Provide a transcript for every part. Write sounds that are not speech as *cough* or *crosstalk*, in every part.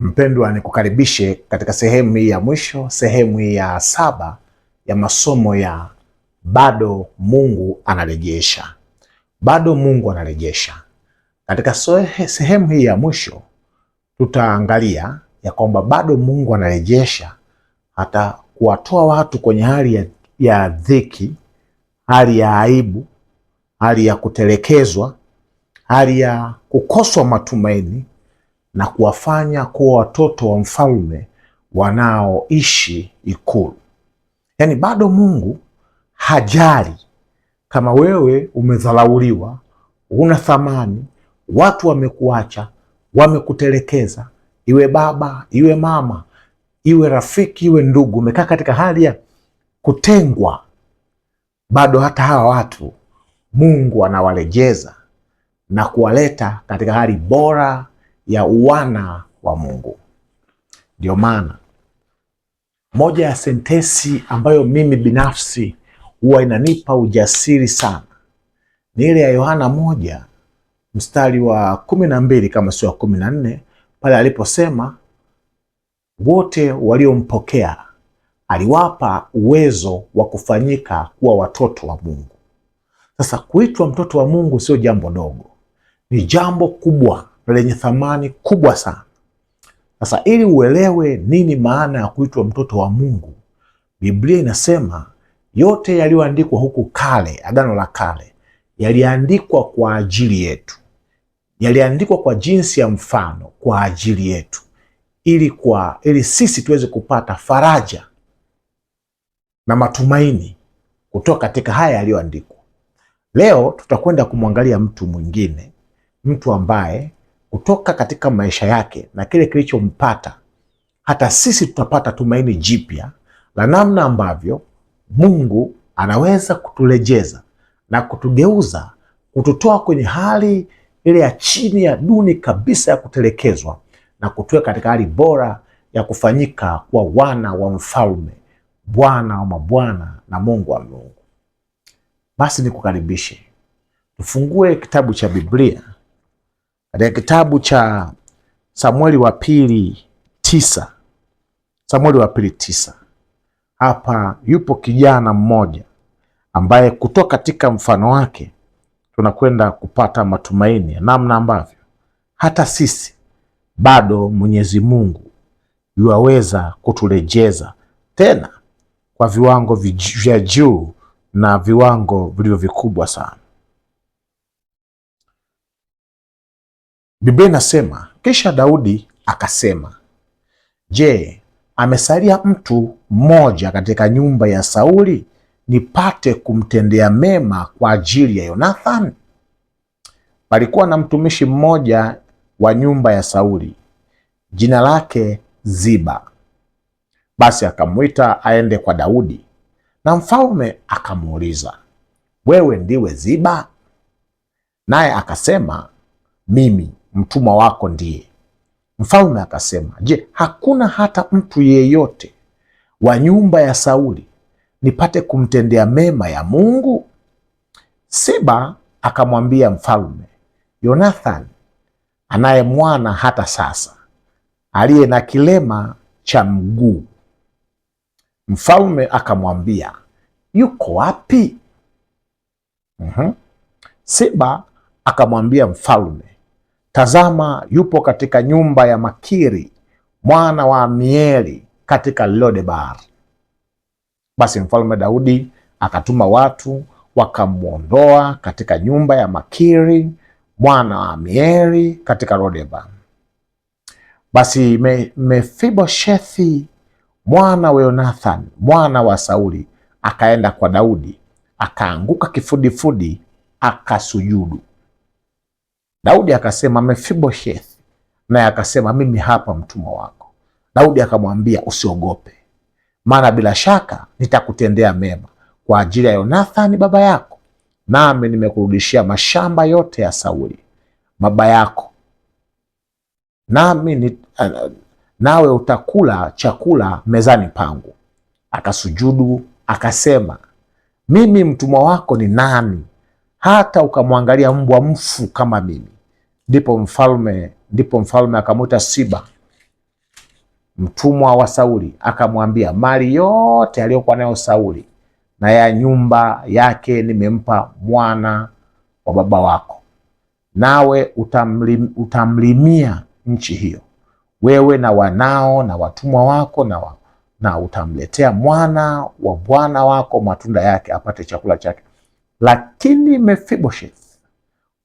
Mpendwa, nikukaribishe katika sehemu hii ya mwisho, sehemu hii ya saba ya masomo ya bado Mungu anarejesha, bado Mungu anarejesha. Katika sehemu hii ya mwisho tutaangalia ya kwamba bado Mungu anarejesha hata kuwatoa watu kwenye hali ya, ya dhiki, hali ya aibu, hali ya kutelekezwa, hali ya kukoswa matumaini na kuwafanya kuwa watoto wa mfalme wanaoishi ikulu. Yaani bado Mungu hajali kama wewe umedhalauliwa, una thamani, watu wamekuacha, wamekutelekeza, iwe baba, iwe mama, iwe rafiki, iwe ndugu, umekaa katika hali ya kutengwa, bado hata hawa watu Mungu anawalejeza na kuwaleta katika hali bora ya uwana wa Mungu. Ndio maana moja ya sentesi ambayo mimi binafsi huwa inanipa ujasiri sana ni ile ya Yohana moja mstari wa kumi na mbili kama sio wa kumi na nne pale aliposema wote waliompokea aliwapa uwezo wa kufanyika kuwa watoto wa Mungu. Sasa kuitwa mtoto wa Mungu sio jambo dogo, ni jambo kubwa lenye thamani kubwa sana. Sasa ili uelewe nini maana ya kuitwa mtoto wa Mungu, Biblia inasema yote yaliyoandikwa huku kale, Agano la Kale, yaliandikwa kwa ajili yetu, yaliandikwa kwa jinsi ya mfano kwa ajili yetu, ili kwa ili sisi tuweze kupata faraja na matumaini kutoka katika haya yaliyoandikwa. Leo tutakwenda kumwangalia mtu mwingine, mtu ambaye kutoka katika maisha yake na kile kilichompata, hata sisi tutapata tumaini jipya la namna ambavyo Mungu anaweza kutulejeza na kutugeuza, kututoa kwenye hali ile ya chini ya duni kabisa ya kutelekezwa na kutuweka katika hali bora ya kufanyika kuwa wana wa mfalme, Bwana wa mabwana na Mungu wa miungu. Basi nikukaribishe tufungue kitabu cha Biblia katika kitabu cha Samueli wa pili tisa Samueli wa pili tisa hapa yupo kijana mmoja ambaye kutoka katika mfano wake tunakwenda kupata matumaini ya namna ambavyo hata sisi bado Mwenyezi Mungu yuwaweza kuturejeza tena kwa viwango vya juu na viwango vilivyo vikubwa sana. Biblia inasema kisha Daudi akasema, je, amesalia mtu mmoja katika nyumba ya Sauli nipate kumtendea mema kwa ajili ya yonathan Palikuwa na mtumishi mmoja wa nyumba ya Sauli, jina lake Ziba. Basi akamwita aende kwa Daudi, na mfalme akamuuliza, wewe ndiwe Ziba? Naye akasema mimi mtumwa wako ndiye. Mfalme akasema, je, hakuna hata mtu yeyote wa nyumba ya Sauli nipate kumtendea mema ya Mungu? Siba akamwambia mfalme, yonathan anaye mwana hata sasa aliye na kilema cha mguu. Mfalme akamwambia, yuko wapi? -hmm. Siba akamwambia mfalme, Tazama, yupo katika nyumba ya Makiri mwana wa Amieli katika Lodebar. Basi mfalme Daudi akatuma watu wakamwondoa katika nyumba ya Makiri mwana wa Amieli katika Lodebar. Basi me, Mefiboshethi mwana wa Yonathan mwana wa Sauli akaenda kwa Daudi akaanguka kifudifudi akasujudu. Daudi akasema Mefiboshethi, naye akasema mimi hapa mtumwa wako. Daudi akamwambia usiogope, maana bila shaka nitakutendea mema kwa ajili ya Yonathani baba yako, nami nimekurudishia mashamba yote ya Sauli baba yako, nami ni, uh, nawe utakula chakula mezani pangu. Akasujudu akasema, mimi mtumwa wako ni nani hata ukamwangalia mbwa mfu kama mimi. Ndipo mfalme ndipo mfalme akamwita Siba mtumwa wa Sauli, akamwambia mali yote aliyokuwa nayo Sauli na ya nyumba yake nimempa mwana wa baba wako, nawe utamlim, utamlimia nchi hiyo wewe na wanao na watumwa wako na, wa, na utamletea mwana wa bwana wako matunda yake apate chakula chake lakini Mefiboshethi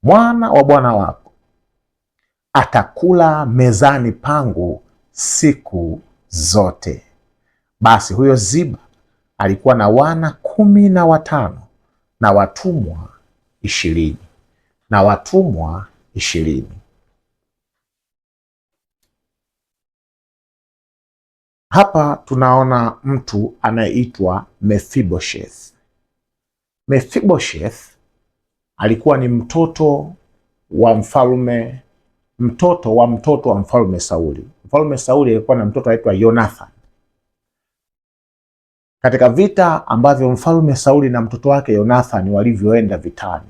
mwana wa bwana wako atakula mezani pangu siku zote. Basi huyo Ziba alikuwa na wana kumi na watano na watumwa ishirini na watumwa ishirini. Hapa tunaona mtu anayeitwa Mefiboshethi. Mephibosheth alikuwa ni mtoto wa mfalme mtoto wa mtoto wa mfalme Sauli. Mfalme Sauli alikuwa na mtoto anaitwa Yonathan. Katika vita ambavyo mfalme Sauli na mtoto wake Yonathan walivyoenda vitani,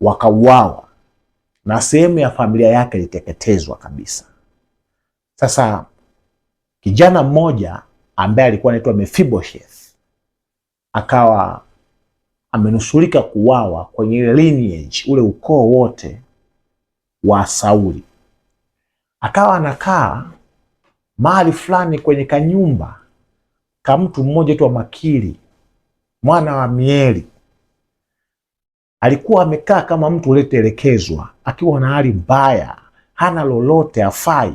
wakauawa na sehemu ya familia yake iliteketezwa kabisa. Sasa kijana mmoja ambaye alikuwa anaitwa Mephibosheth akawa amenusurika kuwawa kwenye ile lineage, ule ukoo wote wa Sauli. Akawa anakaa mahali fulani kwenye kanyumba ka mtu mmoja tu wa Makiri mwana wa Mieli. Alikuwa amekaa kama mtu aliyetelekezwa, akiwa na hali mbaya, hana lolote, afai.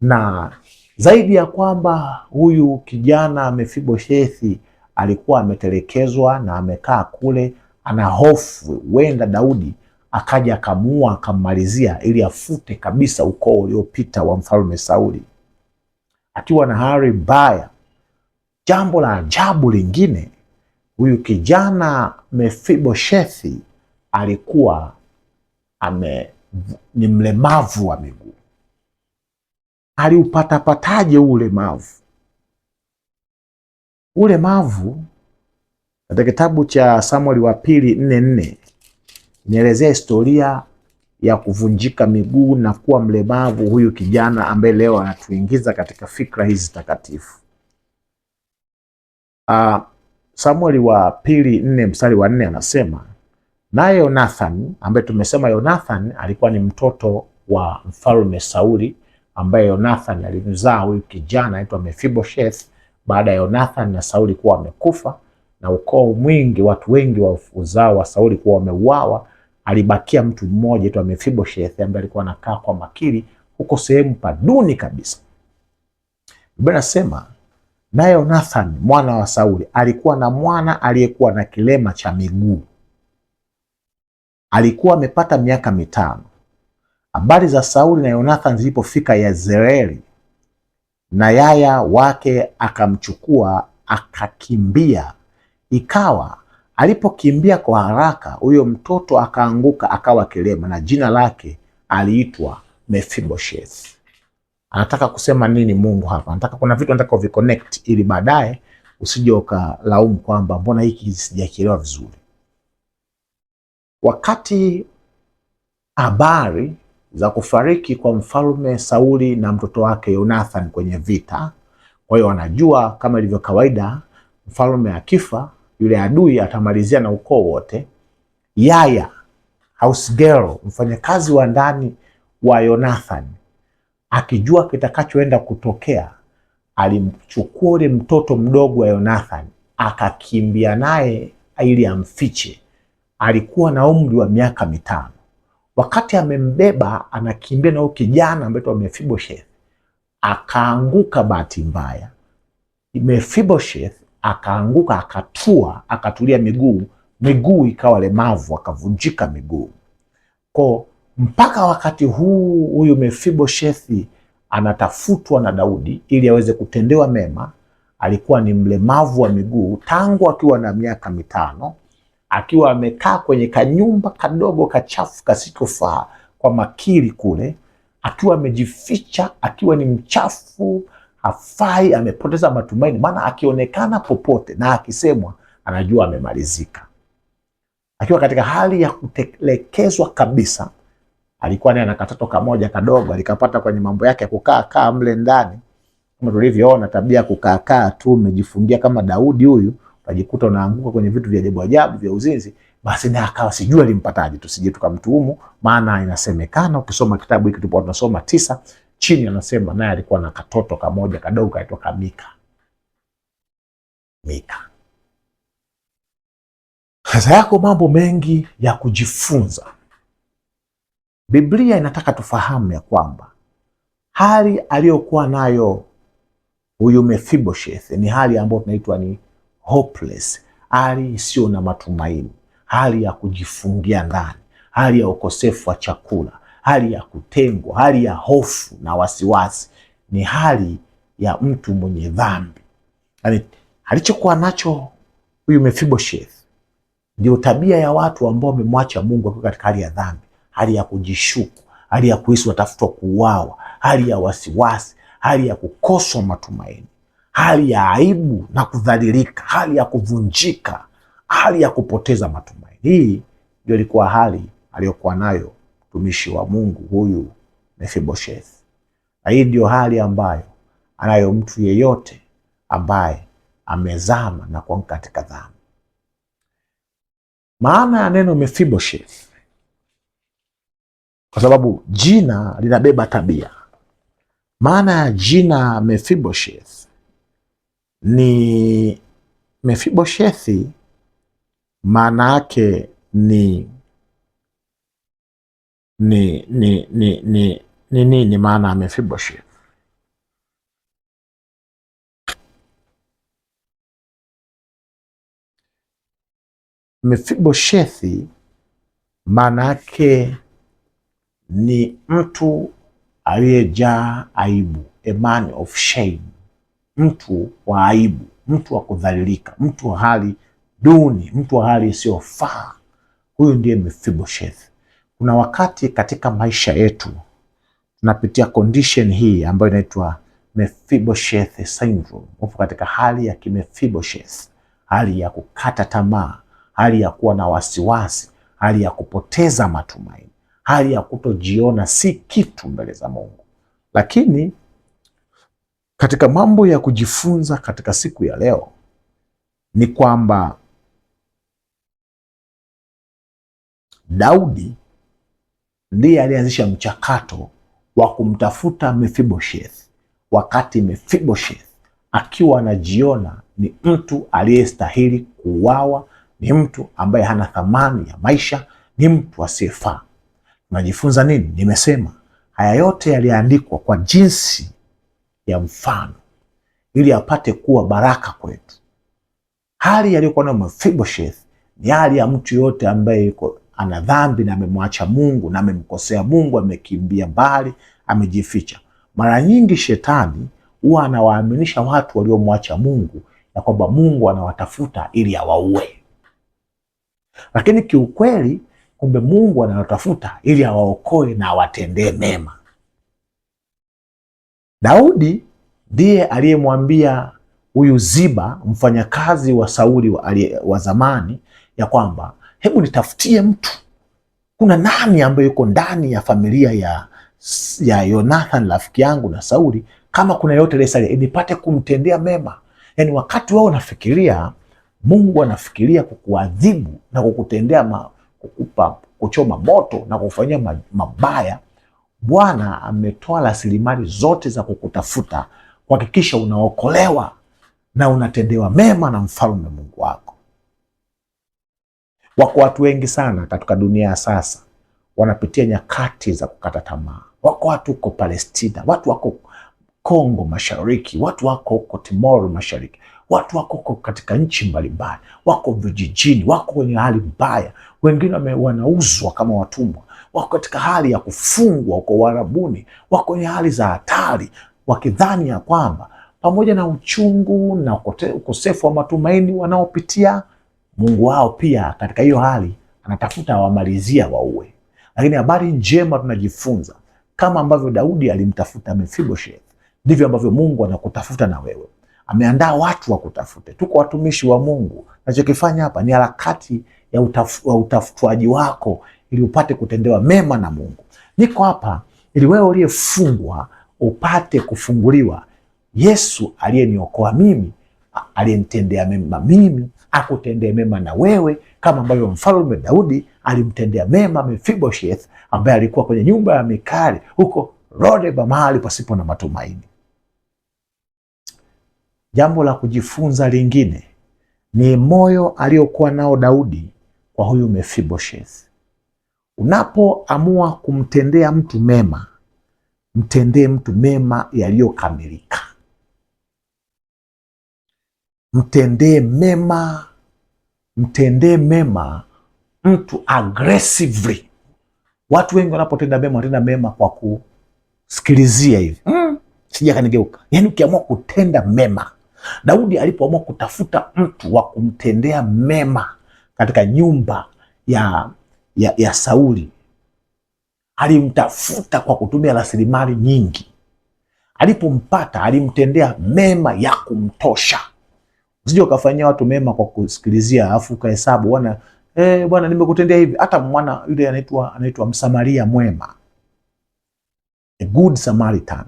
Na zaidi ya kwamba huyu kijana Mefiboshethi alikuwa ametelekezwa na amekaa kule, ana hofu wenda Daudi akaja akamuua akammalizia, ili afute kabisa ukoo uliopita wa mfalme Sauli, akiwa na hali mbaya. Jambo la ajabu lingine, huyu kijana Mefiboshethi alikuwa ame, ni mlemavu wa miguu. Aliupatapataje huu ulemavu? Ulemavu katika kitabu cha Samueli wa pili nne nne inaelezea historia ya kuvunjika miguu na kuwa mlemavu huyu kijana ambaye leo anatuingiza katika fikra hizi takatifu. Uh, Samueli wa pili nne mstari wa nne anasema naye Yonathan ambaye tumesema Yonathan alikuwa ni mtoto wa mfalme Sauli ambaye Yonathan alimzaa huyu kijana aitwa Mephibosheth baada ya Yonathan na Sauli kuwa wamekufa na ukoo mwingi, watu wengi wa uzao wa Sauli kuwa wameuawa, alibakia mtu mmoja tu Mefiboshethi ambaye alikuwa anakaa kwa Makiri huko sehemu paduni kabisa. Biblia inasema naye Yonathan mwana wa Sauli alikuwa na mwana aliyekuwa na kilema cha miguu, alikuwa amepata miaka mitano. Habari za Sauli na Yonathan zilipofika Yezreeli, na yaya wake akamchukua akakimbia. Ikawa alipokimbia kwa haraka, huyo mtoto akaanguka akawa kilema, na jina lake aliitwa Mefiboshethi. Anataka kusema nini Mungu hapa? Anataka, kuna vitu anataka uviconnect ili baadaye usije ukalaumu kwamba mbona hiki sijakielewa vizuri. Wakati habari za kufariki kwa mfalme Sauli na mtoto wake Yonathan kwenye vita. Kwa hiyo wanajua kama ilivyo kawaida, mfalme akifa yule adui atamalizia na ukoo wote. Yaya house girl, mfanyakazi wa ndani wa Yonathan, akijua kitakachoenda kutokea, alimchukua ule mtoto mdogo wa Yonathan akakimbia naye ili amfiche. Alikuwa na umri wa miaka mitano. Wakati amembeba anakimbia na huyo kijana ambaye mefibosheth akaanguka, bahati mbaya mefibosheth akaanguka, akatua, akatulia miguu, miguu ikawa lemavu, akavunjika miguu ko mpaka wakati huu huyu Mefiboshethi anatafutwa na Daudi ili aweze kutendewa mema. Alikuwa ni mlemavu wa miguu tangu akiwa na miaka mitano akiwa amekaa kwenye kanyumba kadogo kachafu kasikofaa kwa makili kule, akiwa amejificha, akiwa ni mchafu, hafai, amepoteza matumaini, maana akionekana popote na akisemwa anajua amemalizika. Akiwa katika hali ya kutelekezwa kabisa, alikuwa naye ana katoto kamoja kadogo alikapata kwenye mambo yake ya kukaa kaa mle ndani, kama tulivyoona tabia kukaa kaa tu, umejifungia kama Daudi huyu utajikuta unaanguka kwenye vitu vya ajabu ajabu vya uzinzi, basi naye akawa sijui alimpataje, tusije tukamtuhumu, maana inasemekana ukisoma kitabu hiki tupo tunasoma tisa chini, anasema naye alikuwa na katoto kamoja kadogo kaitwa Kamika. Mika. Sasa yako mambo mengi ya kujifunza. Biblia inataka tufahamu ya kwamba hali aliyokuwa nayo huyu Mephibosheth ni hali ambayo tunaitwa ni hopeless, hali isiyo na matumaini, hali ya kujifungia ndani, hali ya ukosefu wa chakula, hali ya kutengwa, hali ya hofu na wasiwasi, ni hali ya mtu mwenye dhambi. Yani, alichokuwa nacho huyu Mefiboshethi ndio tabia ya watu ambao wamemwacha Mungu, wakiwa katika hali ya dhambi, hali ya kujishuku, hali ya kuhisi watafutwa kuuawa, hali ya wasiwasi, hali ya kukoswa matumaini hali ya aibu na kudhalilika, hali ya kuvunjika, hali ya kupoteza matumaini. Hii ndio ilikuwa hali aliyokuwa nayo mtumishi wa Mungu huyu Mefiboshethi, na hii ndiyo hali ambayo anayo mtu yeyote ambaye amezama na kuanguka katika dhambi. Maana ya neno Mefiboshethi, kwa sababu jina linabeba tabia. Maana ya jina Mefiboshethi ni Mefiboshethi, maana yake ni ni ni ni ni ni nini maana ya Mefiboshethi? Mefiboshethi maana yake ni mtu aliyejaa aibu, a man of shame mtu wa aibu, mtu wa kudhalilika, mtu wa hali duni, mtu wa hali isiyofaa. Huyu ndiye Mephibosheth. Kuna wakati katika maisha yetu tunapitia condition hii ambayo inaitwa Mephibosheth syndrome. Upo katika hali ya kimephibosheth, hali ya kukata tamaa, hali ya kuwa na wasiwasi, hali ya kupoteza matumaini, hali ya kutojiona si kitu mbele za Mungu, lakini katika mambo ya kujifunza katika siku ya leo ni kwamba Daudi ndiye alianzisha mchakato wa kumtafuta Mephibosheth wakati Mephibosheth akiwa anajiona ni mtu aliyestahili kuuawa, ni mtu ambaye hana thamani ya maisha, ni mtu asiyefaa. Tunajifunza nini? Nimesema haya yote yaliandikwa kwa jinsi ya mfano ili apate kuwa baraka kwetu. Hali aliyokuwa nayo Mephibosheth ni hali ya mtu yote ambaye yuko ana dhambi na amemwacha Mungu na amemkosea Mungu, amekimbia mbali, amejificha. Mara nyingi shetani huwa anawaaminisha watu waliomwacha Mungu ya kwamba Mungu anawatafuta ili awaue, lakini kiukweli kumbe Mungu anawatafuta ili awaokoe na awatendee mema. Daudi ndiye aliyemwambia huyu Ziba mfanyakazi wa Sauli wa, wa zamani ya kwamba hebu nitafutie mtu, kuna nani ambaye yuko ndani ya familia ya, ya Yonathan rafiki yangu na Sauli, kama kuna yote lesalia nipate kumtendea mema. Yani wakati wao nafikiria, Mungu anafikiria kukuadhibu na kukutendea ma, kukupa kuchoma moto na kukufanyia mabaya Bwana ametoa rasilimali zote za kukutafuta kuhakikisha unaokolewa na unatendewa mema na mfalme Mungu wako. Wako watu wengi sana katika dunia ya sasa wanapitia nyakati za kukata tamaa. Wako watu huko Palestina, watu wako Kongo Mashariki, watu wako huko Timor Mashariki, watu wako huko katika nchi mbalimbali, wako vijijini, wako kwenye hali mbaya, wengine wanauzwa kama watumwa, wako katika hali ya kufungwa uko uharabuni, wako kwenye hali za hatari, wakidhani ya kwamba pamoja na uchungu na ukosefu wa matumaini wanaopitia, Mungu wao pia katika hiyo hali anatafuta awamalizia waue. Lakini habari njema tunajifunza, kama ambavyo Daudi alimtafuta Mefiboshethi, ndivyo ambavyo Mungu anakutafuta na wewe. Ameandaa watu wakutafute. Tuko watumishi wa Mungu. Nachokifanya hapa ni harakati ya utafutaji wako ili upate kutendewa mema na Mungu. Niko hapa ili wewe uliyefungwa upate kufunguliwa. Yesu aliyeniokoa mimi, aliyenitendea mema mimi, akutendee mema na wewe, kama ambavyo mfalme Daudi alimtendea mema Mefiboshethi ambaye alikuwa kwenye nyumba ya Mikali huko Lodeba, mahali pasipo na matumaini. Jambo la kujifunza lingine ni moyo aliokuwa nao Daudi kwa huyu Mefiboshethi. Unapoamua kumtendea mtu mema, mtendee mtu mema yaliyokamilika, mtendee mema, mtendee mema mtu aggressively. Watu wengi wanapotenda mema wanatenda mema kwa kusikilizia hivi, mm, sija kanigeuka. Yani ukiamua kutenda mema, Daudi alipoamua kutafuta mtu wa kumtendea mema katika nyumba ya ya, ya Sauli alimtafuta kwa kutumia rasilimali nyingi. Alipompata alimtendea mema ya kumtosha. Usije ukafanyia watu mema kwa kusikilizia, afu ukahesabu bwana, eh, bwana nimekutendea hivi. Hata mwana yule anaitwa anaitwa Msamaria mwema, a good Samaritan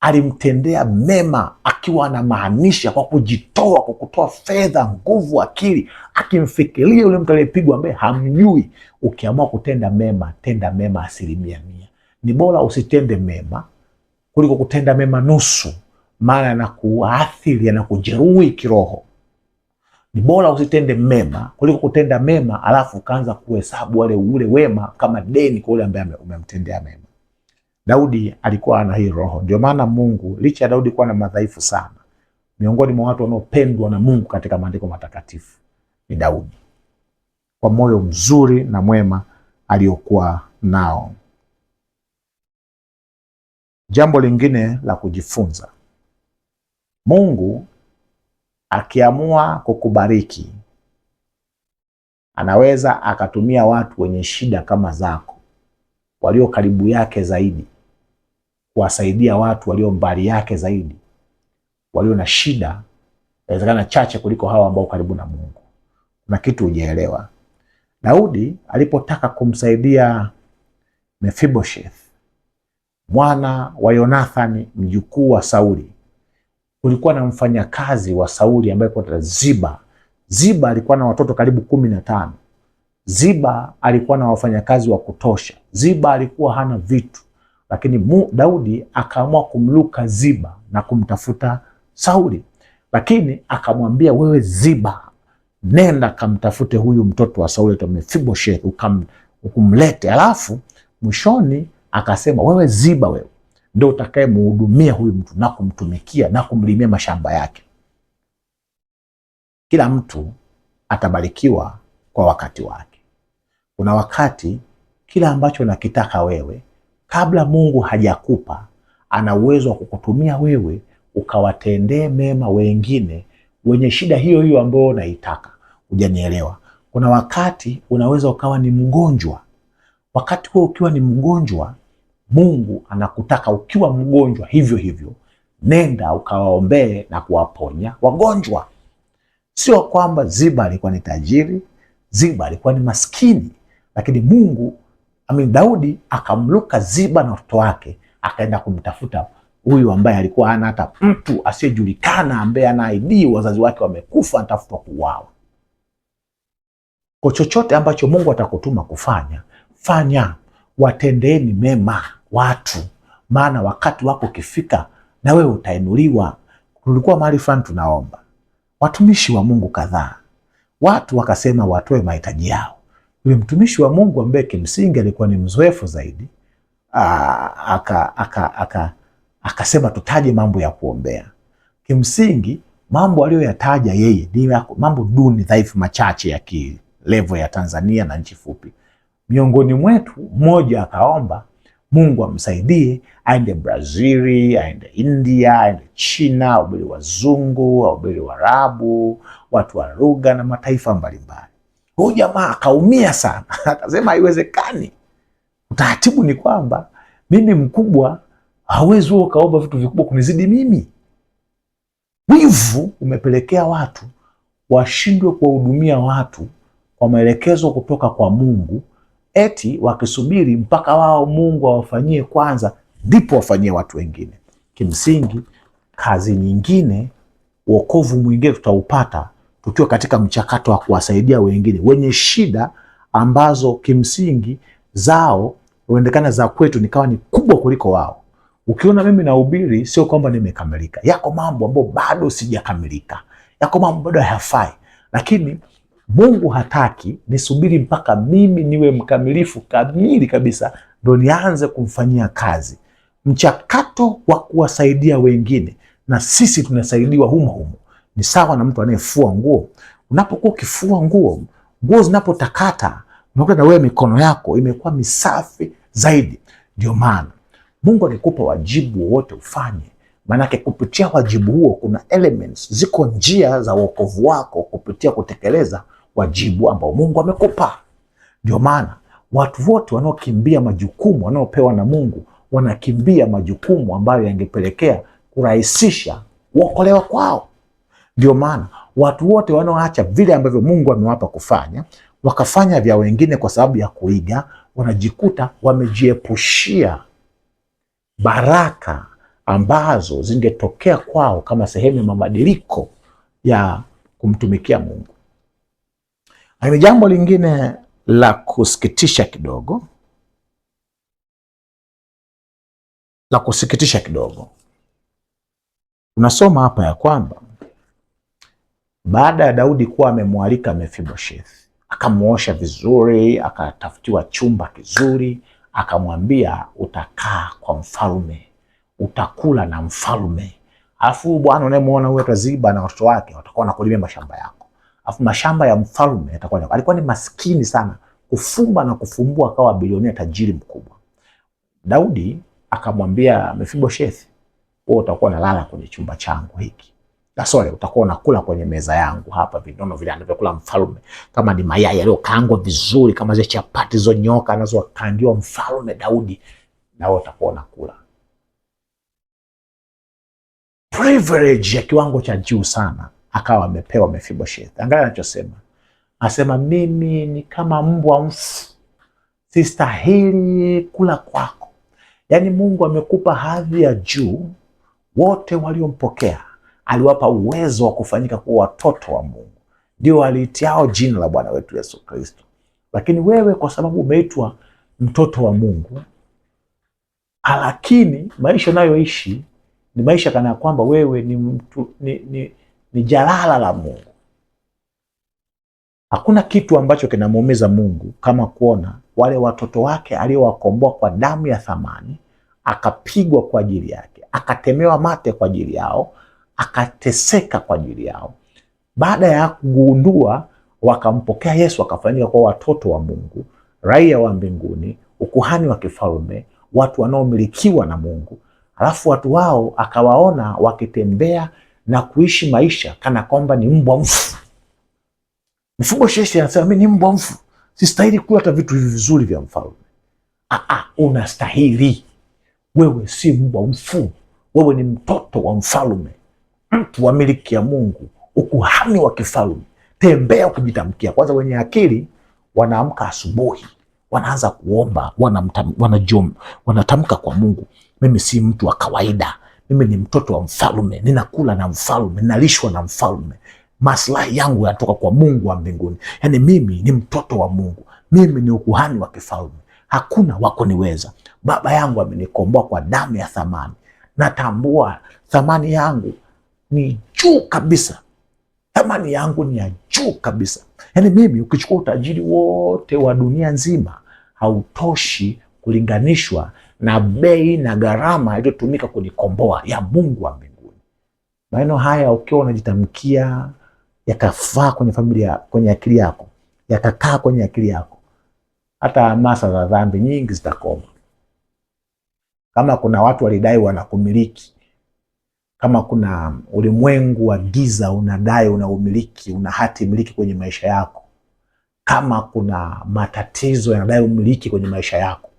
alimtendea mema, akiwa anamaanisha kwa kujitoa, kwa kutoa fedha, nguvu, akili, akimfikiria yule mtu aliyepigwa ambaye hamjui. Ukiamua kutenda mema, tenda mema asilimia mia. Ni bora usitende mema kuliko kutenda mema nusu, maana yanakuathiri, yanakujeruhi kiroho. Ni bora usitende mema kuliko kutenda mema alafu ukaanza kuhesabu wale ule wema kama deni kwa ule ambaye umemtendea mema. Daudi alikuwa ana hii roho. Ndio maana Mungu licha ya Daudi kuwa na madhaifu sana, miongoni mwa watu wanaopendwa na Mungu katika maandiko matakatifu ni Daudi, kwa moyo mzuri na mwema aliokuwa nao. Jambo lingine la kujifunza, Mungu akiamua kukubariki anaweza akatumia watu wenye shida kama zako, walio karibu yake zaidi, kuwasaidia watu walio mbali yake zaidi, walio na shida, inawezekana chache kuliko hawa ambao karibu na Mungu. Kuna kitu hujaelewa. Daudi alipotaka kumsaidia Mefibosheth, mwana wa Yonathani mjukuu wa Sauli, kulikuwa na mfanyakazi wa Sauli ambaye alikuwa Ziba. Ziba alikuwa na watoto karibu kumi na tano. Ziba alikuwa na wafanyakazi wa kutosha. Ziba alikuwa hana vitu lakini mu, Daudi akaamua kumluka Ziba na kumtafuta Sauli, lakini akamwambia wewe Ziba, nenda kamtafute huyu mtoto wa Sauli aitwa Mefiboshethi ukamlete. Alafu mwishoni akasema wewe Ziba, wewe ndio utakayemhudumia huyu mtu na kumtumikia na kumlimia mashamba yake. Kila mtu atabarikiwa kwa wakati wake. Kuna wakati kila ambacho unakitaka wewe kabla Mungu hajakupa, ana uwezo wa kukutumia wewe ukawatendee mema wengine wenye shida hiyo hiyo ambayo unaitaka. Hujanielewa? Kuna wakati unaweza ukawa ni mgonjwa. Wakati huo ukiwa ni mgonjwa, Mungu anakutaka ukiwa mgonjwa hivyo hivyo, nenda ukawaombee na kuwaponya wagonjwa. Sio kwamba Ziba alikuwa ni tajiri, Ziba alikuwa ni maskini, lakini Mungu Amin, Daudi akamluka Ziba na watoto wake, akaenda kumtafuta huyu ambaye alikuwa ana hata mtu asiyejulikana, ambaye ana ID, wazazi wake wamekufa, anatafutwa kuuawa. Kwa chochote ambacho Mungu atakutuma kufanya, fanya. Watendeeni mema watu, maana wakati wako ukifika na wewe utainuliwa. Tulikuwa mahali fulani tunaomba watumishi wa Mungu kadhaa, watu wakasema watoe mahitaji yao yule mtumishi wa Mungu ambaye kimsingi alikuwa ni mzoefu zaidi aka, aka, aka, akasema tutaje mambo ya kuombea. Kimsingi mambo aliyoyataja yeye ni mambo duni, dhaifu, machache ya kilevo ya Tanzania na nchi fupi. Miongoni mwetu mmoja akaomba Mungu amsaidie aende Brazili, aende India, aende China, wabili wazungu, wabili warabu watu wa lugha na mataifa mbalimbali. Huyu jamaa akaumia sana, *laughs* akasema haiwezekani. Utaratibu ni kwamba mimi mkubwa, hawezi huo ukaomba vitu vikubwa kunizidi mimi. Wivu umepelekea watu washindwe kuwahudumia watu kwa maelekezo kutoka kwa Mungu, eti wakisubiri mpaka wao Mungu awafanyie kwanza ndipo wafanyie watu wengine. Kimsingi, kazi nyingine, wokovu mwingine tutaupata tukiwa katika mchakato wa kuwasaidia wengine wenye shida ambazo kimsingi zao huendekana za kwetu nikawa ni kubwa kuliko wao. Ukiona mimi nahubiri, sio kwamba nimekamilika. Yako mambo ambayo bado sijakamilika, yako mambo bado hayafai, lakini Mungu hataki nisubiri mpaka mimi niwe mkamilifu kamili kabisa ndo nianze kumfanyia kazi. Mchakato wa kuwasaidia wengine na sisi tunasaidiwa humo humo. Ni sawa na mtu anayefua nguo. Unapokuwa ukifua nguo, nguo zinapotakata, unakuta na wewe mikono yako imekuwa misafi zaidi. Ndio maana Mungu akikupa wajibu wote ufanye, maanake kupitia wajibu huo kuna elements, ziko njia za wokovu wako kupitia kutekeleza wajibu ambao Mungu amekupa. Ndio maana watu wote wanaokimbia majukumu wanaopewa na Mungu wanakimbia majukumu ambayo yangepelekea kurahisisha kuokolewa kwao. Ndio maana watu wote wanaoacha vile ambavyo Mungu amewapa kufanya wakafanya vya wengine kwa sababu ya kuiga, wanajikuta wamejiepushia baraka ambazo zingetokea kwao kama sehemu ya mabadiliko ya kumtumikia Mungu. Lakini jambo lingine la kusikitisha kidogo, la kusikitisha kidogo, tunasoma hapa ya kwamba baada ya Daudi kuwa amemwalika Mefiboshethi, akamuosha vizuri, akatafutiwa chumba kizuri, akamwambia utakaa kwa mfalme, utakula na mfalme, alafu bwana unayemwona huyo ataziba na watoto wake watakuwa wanakulima mashamba yako, alafu mashamba ya mfalme yatakuwa. Alikuwa ni maskini sana, kufumba na kufumbua, akawa bilionea tajiri mkubwa. Daudi akamwambia Mefiboshethi, wewe utakuwa nalala kwenye chumba changu hiki Sorry, utakuwa unakula kwenye meza yangu hapa, vinono vile anavyokula mfalme, kama ni mayai yaliyokaangwa vizuri, kama zile chapati zonyoka anazokandiwa mfalme Daudi, na wewe utakuwa unakula. Privilege ya kiwango cha juu sana akawa amepewa Mefiboshethi. Angalia anachosema, asema mimi ni kama mbwa mfu, sistahili kula kwako. Yaani Mungu amekupa hadhi ya juu, wote waliompokea aliwapa uwezo wa kufanyika kuwa watoto wa Mungu, ndio aliitiao jina la Bwana wetu Yesu Kristo. Lakini wewe kwa sababu umeitwa mtoto wa Mungu, lakini maisha unayoishi ni maisha kana kwamba wewe ni, mtu, ni, ni, ni jalala la Mungu. Hakuna kitu ambacho kinamuumiza Mungu kama kuona wale watoto wake aliowakomboa kwa damu ya thamani, akapigwa kwa ajili yake, akatemewa mate kwa ajili yao akateseka kwa ajili yao. Baada ya kugundua, wakampokea Yesu akafanyika kwa watoto wa Mungu, raia wa mbinguni, ukuhani wa kifalme, watu wanaomilikiwa na Mungu. Alafu watu wao akawaona wakitembea na kuishi maisha kana kwamba ni mbwa mfu. Mefiboshethi anasema mimi ni mbwa mfu, sistahili kula hata vitu hivi vizuri vya mfalme. Aa, ah, ah, unastahili wewe, si mbwa mfu, wewe ni mtoto wa mfalme mtu wa miliki ya Mungu, ukuhani wa kifalme, tembea kujitamkia kwanza. Wenye akili wanaamka asubuhi, wanaanza kuomba, wana wanatamka kwa Mungu, mimi si mtu wa kawaida, mimi ni mtoto wa mfalme, ninakula na mfalme, ninalishwa na mfalme, maslahi yangu yanatoka kwa Mungu wa mbinguni. Yani mimi ni mtoto wa Mungu, mimi ni ukuhani wa kifalme, hakuna wakuniweza. Baba yangu amenikomboa kwa damu ya thamani, natambua thamani yangu ni juu kabisa, thamani yangu ni ya juu kabisa. Yaani mimi ukichukua utajiri wote wa dunia nzima hautoshi kulinganishwa na bei na gharama iliyotumika kunikomboa ya Mungu wa mbinguni. Maneno haya ukiwa unajitamkia yakafaa kwenye familia, kwenye akili yako, yakakaa kwenye akili yako, hata hamasa za dhambi nyingi zitakoma. Kama kuna watu walidai wanakumiliki kama kuna ulimwengu wa giza unadai unaumiliki, una hati miliki kwenye maisha yako, kama kuna matatizo yanadai umiliki kwenye maisha yako,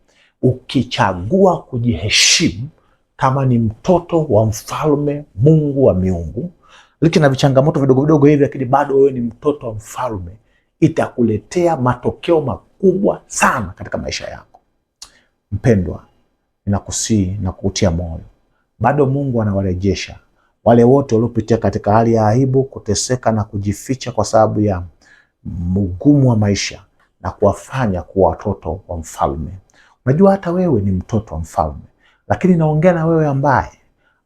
ukichagua kujiheshimu kama ni mtoto wa mfalme, Mungu wa miungu, licha na vichangamoto vidogo vidogo hivi, lakini bado wewe ni mtoto wa mfalme, itakuletea matokeo makubwa sana katika maisha yako. Mpendwa, ninakusii na kukutia moyo bado Mungu anawarejesha wale wote waliopitia katika hali ya aibu, kuteseka na kujificha kwa sababu ya mgumu wa maisha na kuwafanya kuwa watoto wa mfalme. Unajua hata wewe ni mtoto wa mfalme, lakini naongea na wewe ambaye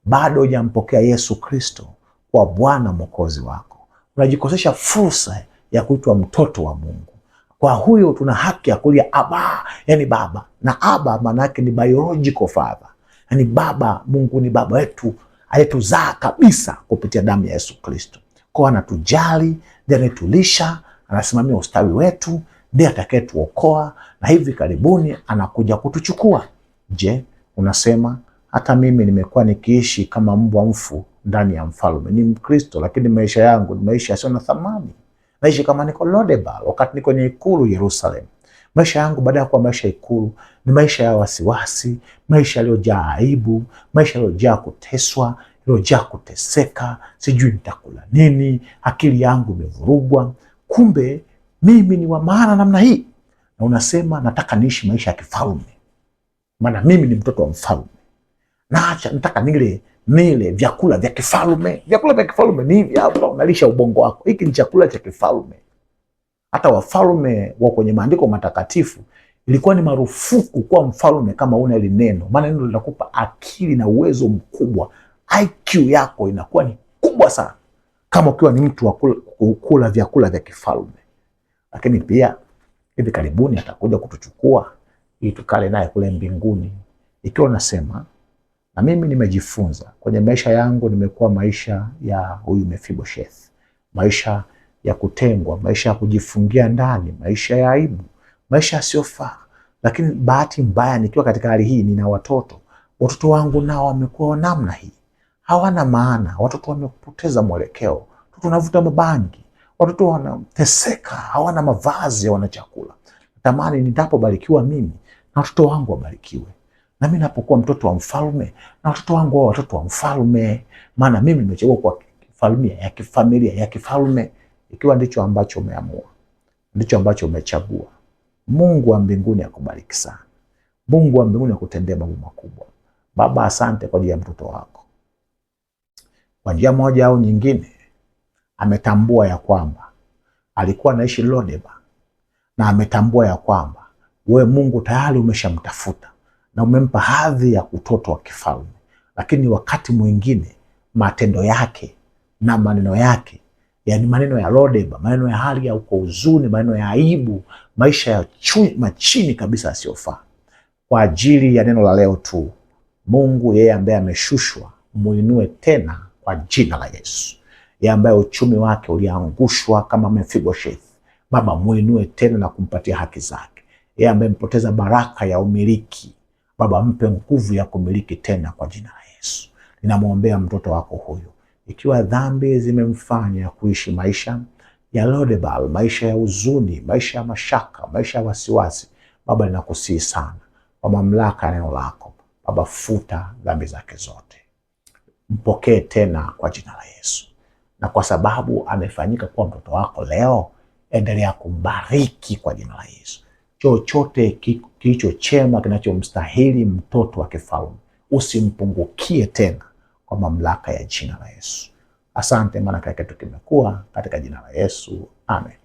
bado hujampokea Yesu Kristo kwa Bwana Mwokozi wako. Unajikosesha fursa ya kuitwa mtoto wa Mungu. Kwa huyo tuna haki ya kulia Aba, yani Baba, na Aba maana yake ni biological father Yaani baba Mungu ni baba wetu aliyetuzaa kabisa kupitia damu ya Yesu Kristo. Kwa anatujali, ndiye anayetulisha, anasimamia ustawi wetu, ndiye atakayetuokoa na hivi karibuni anakuja kutuchukua. Je, unasema hata mimi nimekuwa nikiishi kama mbwa mfu ndani ya mfalme, ni Mkristo lakini maisha yangu ni maisha yasiyo na thamani, naishi kama niko Lodebal wakati niko kwenye ikulu Yerusalemu. Maisha yangu baada ya kuwa maisha Ikulu ni maisha ya wasiwasi, maisha yaliyojaa aibu, maisha yaliyojaa kuteswa, yaliyojaa kuteseka, sijui nitakula nini, akili yangu imevurugwa. Kumbe mimi ni wa maana namna hii, na unasema nataka niishi maisha ya kifalme, maana mimi ni mtoto wa mfalme. Naacha, nataka nile nile vyakula vya kifalme. Vyakula vya kifalme ni hivi hapa, unalisha ubongo wako. Hiki ni chakula cha kifalme hata wafalme wa kwenye maandiko matakatifu ilikuwa ni marufuku kuwa mfalme kama una ile neno, maana neno linakupa akili na uwezo mkubwa. IQ yako inakuwa ni kubwa sana kama ukiwa ni mtu wa kula vyakula vya kifalme. Lakini pia hivi karibuni atakuja kutuchukua ili tukale naye kule mbinguni, ikiwa unasema na mimi nimejifunza kwenye maisha yangu, nimekuwa maisha ya huyu Mefiboshethi, maisha ya kutengwa, maisha ya kujifungia ndani, maisha ya aibu, maisha yasiyofaa. Lakini bahati mbaya, nikiwa katika hali hii, nina watoto. Watoto wangu nao wamekuwa namna hii, hawana maana. Watoto wamepoteza mwelekeo, watoto wanavuta mabangi, watoto wanateseka, hawana mavazi, hawana chakula. Natamani nitapobarikiwa mimi na watoto wangu wabarikiwe, mimi napokuwa mtoto wa mfalme na watoto wangu wa watoto wa mfalme, maana mimi nimechagua kwa falmia ya kifamilia ya kifalme ikiwa ndicho ambacho umeamua, ndicho ambacho umechagua. Mungu wa mbinguni akubariki sana. Mungu wa mbinguni akutendee mambo makubwa. Baba, asante kwa ajili ya mtoto wako. Kwa njia moja au nyingine, ametambua ya kwamba alikuwa anaishi Lodeba, na ametambua ya kwamba wewe Mungu tayari umeshamtafuta na umempa hadhi ya utoto wa kifalme, lakini wakati mwingine matendo yake na maneno yake yani maneno ya lodeba, maneno ya hali ya uko huzuni, maneno ya aibu, maisha ya chui, machini kabisa yasiyofaa. Kwa ajili ya neno la leo tu, Mungu yeye ambaye ameshushwa, muinue tena kwa jina la Yesu. Yeye ambaye uchumi wake uliangushwa kama Mefibosheth, Baba muinue tena na kumpatia haki zake. Yeye ambaye mpoteza baraka ya umiliki, Baba mpe nguvu ya kumiliki tena kwa jina la Yesu. Ninamwombea mtoto wako huyu ikiwa dhambi zimemfanya kuishi maisha ya Lodebal, maisha ya huzuni, maisha ya mashaka, maisha ya wasiwasi. Baba, ninakusihi sana kwa mamlaka ya neno lako Baba, futa dhambi zake zote, mpokee tena kwa jina la Yesu. Na kwa sababu amefanyika kuwa mtoto wako leo, endelea kumbariki kwa jina la Yesu. Chochote kilicho chema kinachomstahili mtoto wa kifalme usimpungukie tena kwa mamlaka ya jina la Yesu. Asante, maana kila kitu kimekuwa katika jina la Yesu. Amen.